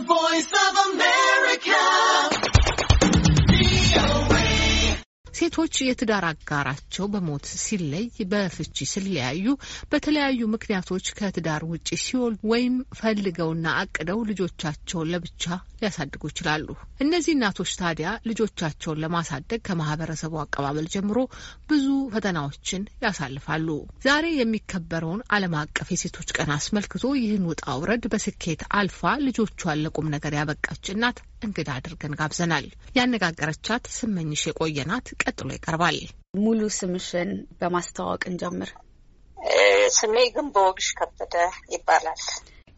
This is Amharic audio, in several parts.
The Voice of ሴቶች የትዳር አጋራቸው በሞት ሲለይ፣ በፍቺ ሲለያዩ፣ በተለያዩ ምክንያቶች ከትዳር ውጪ ሲወል ወይም ፈልገውና አቅደው ልጆቻቸውን ለብቻ ሊያሳድጉ ይችላሉ። እነዚህ እናቶች ታዲያ ልጆቻቸውን ለማሳደግ ከማህበረሰቡ አቀባበል ጀምሮ ብዙ ፈተናዎችን ያሳልፋሉ። ዛሬ የሚከበረውን ዓለም አቀፍ የሴቶች ቀን አስመልክቶ ይህን ውጣ ውረድ በስኬት አልፋ ልጆቿን ለቁም ነገር ያበቃች እናት እንግዳ አድርገን ጋብዘናል። ያነጋገረቻት ስመኝሽ የቆየናት ቀጥሎ ይቀርባል። ሙሉ ስምሽን በማስተዋወቅ እንጀምር። ስሜ ግንቦግሽ ከበደ ይባላል።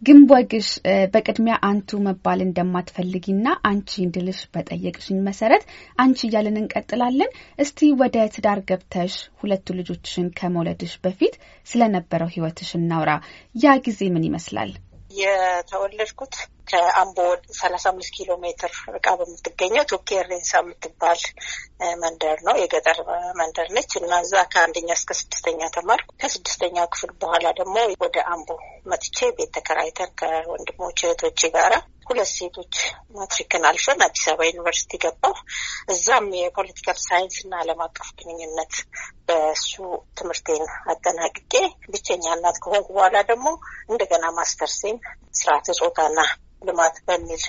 ግንቦግሽ በቅድሚያ አንቱ መባል እንደማትፈልጊና አንቺ እንድልሽ በጠየቅሽኝ መሰረት አንቺ እያልን እንቀጥላለን። እስቲ ወደ ትዳር ገብተሽ ሁለቱ ልጆችሽን ከመውለድሽ በፊት ስለነበረው ህይወትሽ እናውራ። ያ ጊዜ ምን ይመስላል? የተወለድኩት ከአምቦ ሰላሳ አምስት ኪሎ ሜትር ርቃ በምትገኘው ሬንሳ የምትባል መንደር ነው። የገጠር መንደር ነች እና እዛ ከአንደኛ እስከ ስድስተኛ ተማርኩ። ከስድስተኛ ክፍል በኋላ ደግሞ ወደ አምቦ መጥቼ ቤት ተከራይተን ከወንድሞች እህቶች ጋራ ሁለት ሴቶች ማትሪክን አልፈን አዲስ አበባ ዩኒቨርሲቲ ገባሁ። እዛም የፖለቲካል ሳይንስ እና ዓለም አቀፍ ግንኙነት በሱ ትምህርቴን አጠናቅቄ ብቸኛ እናት ከሆንኩ በኋላ ደግሞ እንደገና ማስተርሴን ስርዓተ ጾታና ልማት በሚል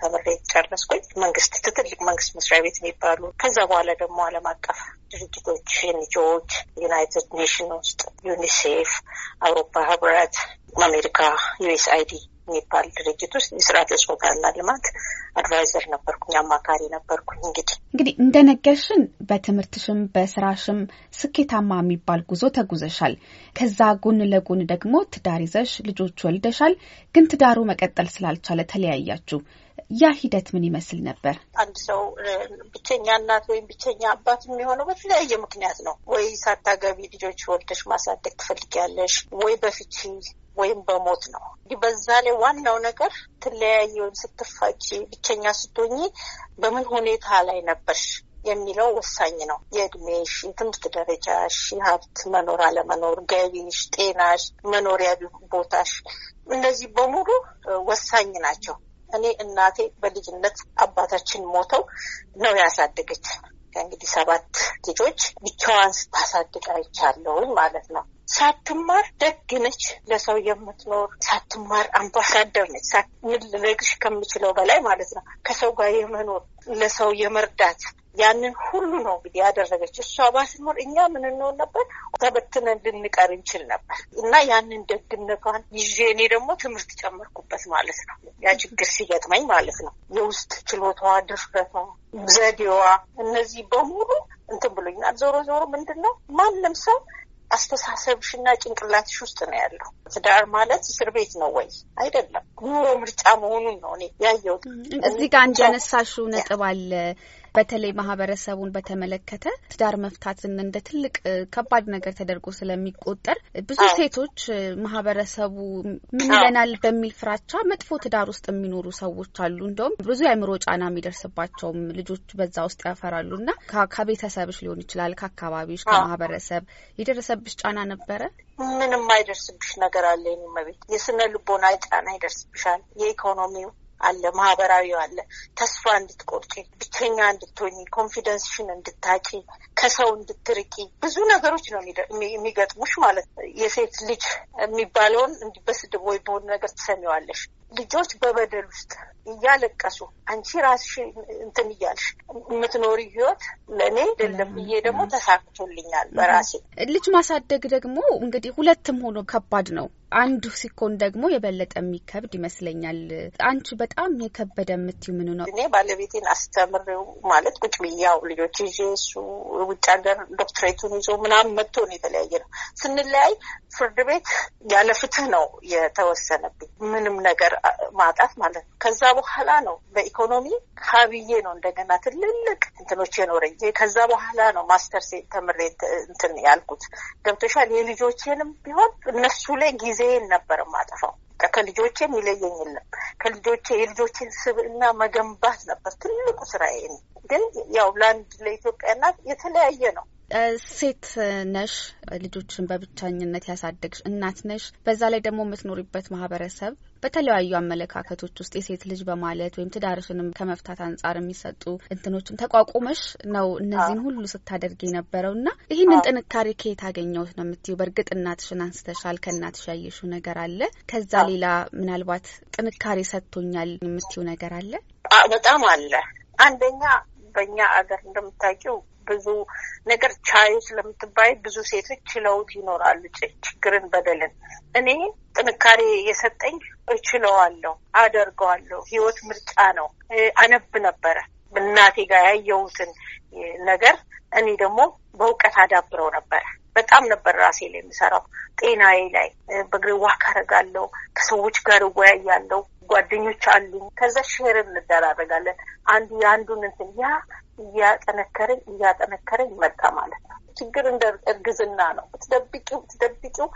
ተምሬ ጨረስኩኝ። መንግስት ትልቅ መንግስት መስሪያ ቤት የሚባሉ ከዛ በኋላ ደግሞ ዓለም አቀፍ ድርጅቶች ኤንጂኦዎች፣ ዩናይትድ ኔሽን ውስጥ ዩኒሴፍ፣ አውሮፓ ህብረት፣ አሜሪካ ዩኤስ የሚባል ድርጅት ውስጥ የስርዓተ ፆታና ልማት አድቫይዘር ነበርኩኝ፣ አማካሪ ነበርኩኝ። እንግዲህ እንግዲህ እንደነገርሽን በትምህርትሽም በስራሽም ስኬታማ የሚባል ጉዞ ተጉዘሻል። ከዛ ጎን ለጎን ደግሞ ትዳር ይዘሽ ልጆች ወልደሻል። ግን ትዳሩ መቀጠል ስላልቻለ ተለያያችሁ። ያ ሂደት ምን ይመስል ነበር? አንድ ሰው ብቸኛ እናት ወይም ብቸኛ አባት የሚሆነው በተለያየ ምክንያት ነው። ወይ ሳታገቢ ልጆች ወልደሽ ማሳደግ ትፈልጊያለሽ፣ ወይ በፍቺ ወይም በሞት ነው። እንግዲህ በዛ ላይ ዋናው ነገር ትለያየውን ስትፋች፣ ብቸኛ ስትሆኚ በምን ሁኔታ ላይ ነበርሽ የሚለው ወሳኝ ነው። የእድሜሽ፣ የትምህርት ደረጃሽ፣ የሀብት መኖር አለመኖር፣ ገቢሽ፣ ጤናሽ፣ መኖሪያ ቦታሽ እነዚህ በሙሉ ወሳኝ ናቸው። እኔ እናቴ በልጅነት አባታችን ሞተው ነው ያሳደገች እንግዲህ ሰባት ልጆች ብቻዋን ስታሳድግ አይቻለሁኝ ማለት ነው። ሳትማር ደግ ነች፣ ለሰው የምትኖር ሳትማር አምባሳደር ነች። ምን ልነግርሽ ከምችለው በላይ ማለት ነው። ከሰው ጋር የመኖር ለሰው የመርዳት ያንን ሁሉ ነው እንግዲህ ያደረገች። እሷ ባትኖር እኛ ምን እንሆን ነበር? ተበትነን ልንቀር እንችል ነበር። እና ያንን ደግነቷን ይዤ እኔ ደግሞ ትምህርት ጨመርኩበት ማለት ነው። ያ ችግር ሲገጥመኝ ማለት ነው። የውስጥ ችሎቷ፣ ድፍረቷ፣ ዘዴዋ እነዚህ በሙሉ እንትን ብሎኛል። ዞሮ ዞሮ ምንድን ነው ማንም ሰው አስተሳሰብሽና ጭንቅላትሽ ውስጥ ነው ያለው። ትዳር ማለት እስር ቤት ነው ወይ? አይደለም፣ ኑሮ ምርጫ መሆኑን ነው እኔ ያየሁት። እዚህ ጋር እንዳነሳሽው ነጥብ አለ። በተለይ ማህበረሰቡን በተመለከተ ትዳር መፍታትን እንደ ትልቅ ከባድ ነገር ተደርጎ ስለሚቆጠር ብዙ ሴቶች ማህበረሰቡ ምን ይለናል በሚል ፍራቻ መጥፎ ትዳር ውስጥ የሚኖሩ ሰዎች አሉ። እንደውም ብዙ የአእምሮ ጫና የሚደርስባቸውም ልጆች በዛ ውስጥ ያፈራሉ እና ከቤተሰብሽ ሊሆን ይችላል ከአካባቢሽ፣ ከማህበረሰብ የደረሰብሽ ጫና ነበረ? ምንም አይደርስብሽ ነገር አለ የሚመቤት የስነ ልቦና ጫና ይደርስብሻል። የኢኮኖሚው አለ፣ ማህበራዊ አለ። ተስፋ እንድትቆርጪ፣ ብቸኛ እንድትሆኝ፣ ኮንፊደንስሽን እንድታጪ፣ ከሰው እንድትርቂ ብዙ ነገሮች ነው የሚገጥሙሽ ማለት ነው። የሴት ልጅ የሚባለውን እንዲህ በስድብ ወይ በሆነ ነገር ትሰሚዋለሽ። ልጆች በበደል ውስጥ እያለቀሱ አንቺ ራስሽ እንትን እያልሽ የምትኖሪ ህይወት ለእኔ አይደለም ብዬ ደግሞ ተሳክቶልኛል በራሴ ልጅ ማሳደግ ደግሞ እንግዲህ ሁለትም ሆኖ ከባድ ነው። አንዱ ሲኮን ደግሞ የበለጠ የሚከብድ ይመስለኛል። አንቺ በጣም የከበደ የምትይው ምኑ ነው? እኔ ባለቤቴን አስተምሬው ማለት ቁጭ ብያው ልጆች ይዤ እሱ ውጭ ሀገር ዶክትሬቱን ይዞ ምናምን መጥቶ ነው የተለያየ ነው። ስንለያይ ፍርድ ቤት ያለ ፍትህ ነው የተወሰነብኝ ምንም ነገር ማጣት ማለት ነው። ከዛ በኋላ ነው በኢኮኖሚ ሀብዬ ነው እንደገና ትልልቅ እንትኖች የኖረኝ። ከዛ በኋላ ነው ማስተርስ ተምሬ እንትን ያልኩት። ገብቶሻል። የልጆቼንም ቢሆን እነሱ ላይ ጊዜ ልጆቼን ነበር ማጠፋው። ከልጆቼ የሚለየኝ የለም። ከልጆቼ የልጆችን ስብዕና መገንባት ነበር ትልቁ ስራዬ። ግን ያው ለአንድ ለኢትዮጵያ እናት የተለያየ ነው። ሴት ነሽ፣ ልጆችን በብቻኝነት ያሳደግሽ እናት ነሽ። በዛ ላይ ደግሞ የምትኖሪበት ማህበረሰብ በተለያዩ አመለካከቶች ውስጥ የሴት ልጅ በማለት ወይም ትዳርሽንም ከመፍታት አንጻር የሚሰጡ እንትኖችን ተቋቁመሽ ነው እነዚህን ሁሉ ስታደርግ የነበረው እና ይህንን ጥንካሬ ከየት አገኘሁት ነው የምትይው? በእርግጥ እናትሽን አንስተሻል። ከእናትሽ ያየሽው ነገር አለ። ከዛ ሌላ ምናልባት ጥንካሬ ሰጥቶኛል የምትይው ነገር አለ? በጣም አለ። አንደኛ በእኛ አገር እንደምታውቂው ብዙ ነገር ቻዩ ስለምትባይ ብዙ ሴቶች ችለውት ይኖራሉ ችግርን፣ በደልን። እኔ ጥንካሬ የሰጠኝ እችለዋለሁ፣ አደርገዋለሁ። ህይወት ምርጫ ነው። አነብ ነበረ እናቴ ጋር ያየሁትን ነገር እኔ ደግሞ በእውቀት አዳብረው ነበረ። በጣም ነበር ራሴ ላይ የምሰራው። ጤናዬ ላይ በእግሬ ዋክ ከሰዎች ጋር እወያያለሁ። ጓደኞች አሉ። ከዛ ሼር እንደራረጋለን። አንዱ የአንዱን እንትን ያ እያጠነከረኝ እያጠነከረኝ መጣ ማለት ነው። ችግር እንደ እርግዝና ነው። ብትደብቂው ብትደብቂው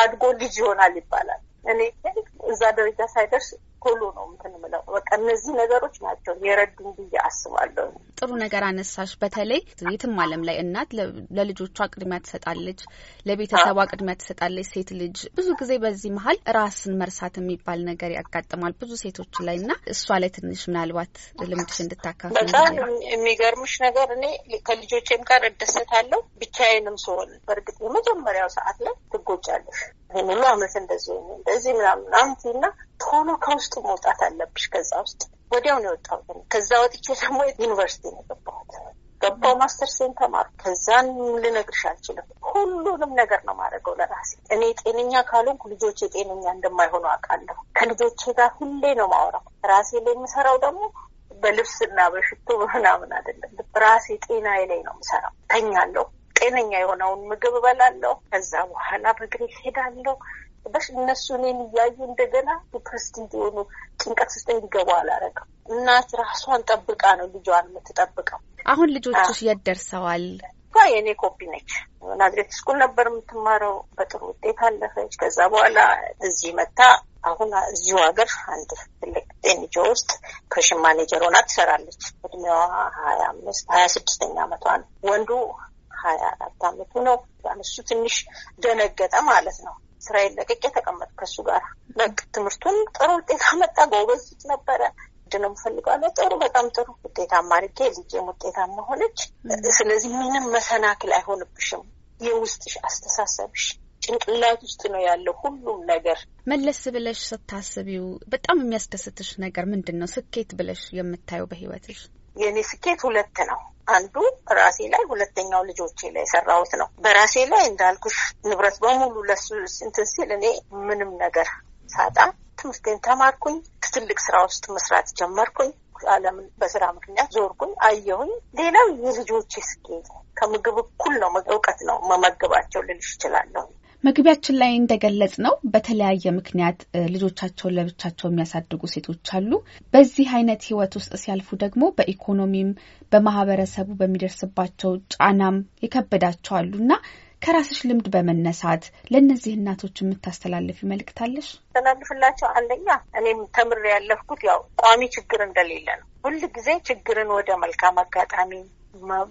አድጎ ልጅ ይሆናል ይባላል። እኔ ግን እዛ ደረጃ ሳይደርስ ቶሎ ነው እንትን በቃ እነዚህ ነገሮች ናቸው የረዱን ብዬ አስባለሁ። ጥሩ ነገር አነሳሽ። በተለይ የትም ዓለም ላይ እናት ለልጆቿ ቅድሚያ ትሰጣለች፣ ለቤተሰቧ ቅድሚያ ትሰጣለች። ሴት ልጅ ብዙ ጊዜ በዚህ መሀል ራስን መርሳት የሚባል ነገር ያጋጥማል ብዙ ሴቶች ላይ እና እሷ ላይ ትንሽ ምናልባት ልምድሽ እንድታካፍ። በጣም የሚገርምሽ ነገር እኔ ከልጆቼም ጋር እደሰታለሁ ብቻዬንም ስሆን። በእርግጥ የመጀመሪያው ሰዓት ላይ ትጎጫለሽ። ይህን ሁሉ አመት እንደዚህ እንደዚህ ምናምን አንቲ እና ቶሎ ከውስጥ መውጣት አለብሽ ከዛ ውስጥ ወዲያው ነው የወጣሁት። ከዛ ወጥቼ ደግሞ ዩኒቨርሲቲ ነው የገባሁት። ገባው ማስተር ሴን ተማር። ከዛን ልነግርሽ አልችልም። ሁሉንም ነገር ነው ማድረገው ለራሴ። እኔ ጤነኛ ካልሆንኩ ልጆቼ ጤነኛ እንደማይሆኑ አውቃለሁ። ከልጆቼ ጋር ሁሌ ነው ማውራው። ራሴ ላይ የምሰራው ደግሞ በልብስና በሽቶ ምናምን አይደለም። ራሴ ጤናዬ ላይ ነው የምሰራው። ተኛለሁ ጤነኛ የሆነውን ምግብ እበላለሁ። ከዛ በኋላ በእግሬ ሄዳለሁ። በሽ እነሱ እኔን እያዩ እንደገና ዲፕረስድ እንዲሆኑ ጭንቀት ውስጥ እንዲገቡ አላረግም። እናት ራሷን ጠብቃ ነው ልጇን የምትጠብቀው። አሁን ልጆችሽ የት ደርሰዋል? ጋ የእኔ ኮፒ ነች። ናዝሬት ስኩል ነበር የምትማረው። በጥሩ ውጤት አለፈች። ከዛ በኋላ እዚህ መታ። አሁን እዚሁ ሀገር አንድ ትልቅ ጤንጆ ውስጥ ፕሬሽን ማኔጀር ሆና ትሰራለች። እድሜዋ ሀያ አምስት ሀያ ስድስተኛ አመቷ ነው። ወንዱ ሀያ አራት አመቱ ነው። እሱ ትንሽ ደነገጠ ማለት ነው። ስራዬን ለቅቄ ተቀመጥ ከሱ ጋር በቃ ትምህርቱን ጥሩ ውጤት አመጣ። ጎበዝ ነበረ። ምንድን ነው የምፈልገው? ጥሩ በጣም ጥሩ ውጤታማ አድርጌ ልጄም ውጤታማ ሆነች። ስለዚህ ምንም መሰናክል አይሆንብሽም። የውስጥሽ አስተሳሰብሽ ጭንቅላት ውስጥ ነው ያለው ሁሉም ነገር። መለስ ብለሽ ስታስቢው በጣም የሚያስደስትሽ ነገር ምንድን ነው? ስኬት ብለሽ የምታየው በህይወትሽ? የእኔ ስኬት ሁለት ነው። አንዱ ራሴ ላይ፣ ሁለተኛው ልጆቼ ላይ የሰራሁት ነው። በራሴ ላይ እንዳልኩሽ ንብረት በሙሉ ለሱ እንትን ሲል እኔ ምንም ነገር ሳጣ ትምህርቴን ተማርኩኝ። ትልቅ ስራ ውስጥ መስራት ጀመርኩኝ። ዓለምን በስራ ምክንያት ዞርኩኝ፣ አየሁኝ። ሌላው የልጆች ስኬት ከምግብ እኩል ነው፣ እውቀት ነው መመግባቸው ልልሽ እችላለሁ። መግቢያችን ላይ እንደገለጽ ነው በተለያየ ምክንያት ልጆቻቸውን ለብቻቸው የሚያሳድጉ ሴቶች አሉ። በዚህ አይነት ህይወት ውስጥ ሲያልፉ ደግሞ በኢኮኖሚም በማህበረሰቡ በሚደርስባቸው ጫናም የከበዳቸው አሉ እና ከራስሽ ልምድ በመነሳት ለእነዚህ እናቶች የምታስተላልፍ ይመልክታለሽ? ተላልፍላቸው። አንደኛ እኔም ተምር ያለፍኩት ያው ቋሚ ችግር እንደሌለ ነው። ሁል ጊዜ ችግርን ወደ መልካም አጋጣሚ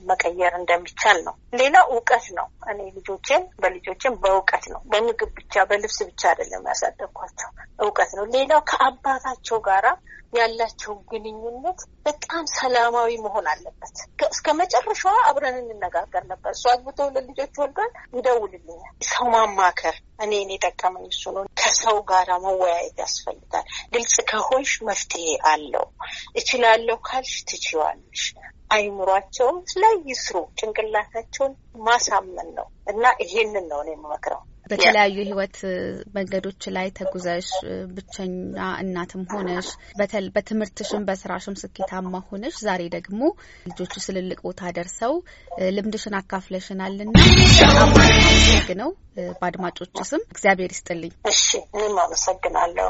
መቀየር እንደሚቻል ነው። ሌላ እውቀት ነው። እኔ ልጆቼን በልጆቼን በእውቀት ነው፣ በምግብ ብቻ በልብስ ብቻ አይደለም ያሳደግኳቸው፣ እውቀት ነው። ሌላው ከአባታቸው ጋራ ያላቸው ግንኙነት በጣም ሰላማዊ መሆን አለበት። እስከ መጨረሻዋ አብረን እንነጋገር ነበር። እሱ አግብቶ ለልጆች ወልዷል፣ ይደውልልኛል። ሰው ማማከር እኔ እኔ ጠቀመኝ እሱ ነው። ከሰው ጋር መወያየት ያስፈልጋል። ግልጽ ከሆንሽ መፍትሄ አለው። እችላለሁ ካልሽ ትችዋለሽ አይምሯቸውን ላይ ይስሩ፣ ጭንቅላታቸውን ማሳመን ነው እና ይሄንን ነው እኔ የምመክረው። በተለያዩ የህይወት መንገዶች ላይ ተጉዘሽ ብቸኛ እናትም ሆነሽ በትምህርትሽም በስራሽም ስኬታማ ሆነሽ ዛሬ ደግሞ ልጆቹ ትልልቅ ቦታ ደርሰው ልምድሽን አካፍለሽናልና ነው። በአድማጮች ስም እግዚአብሔር ይስጥልኝ። እሺ፣ እኔም አመሰግናለሁ።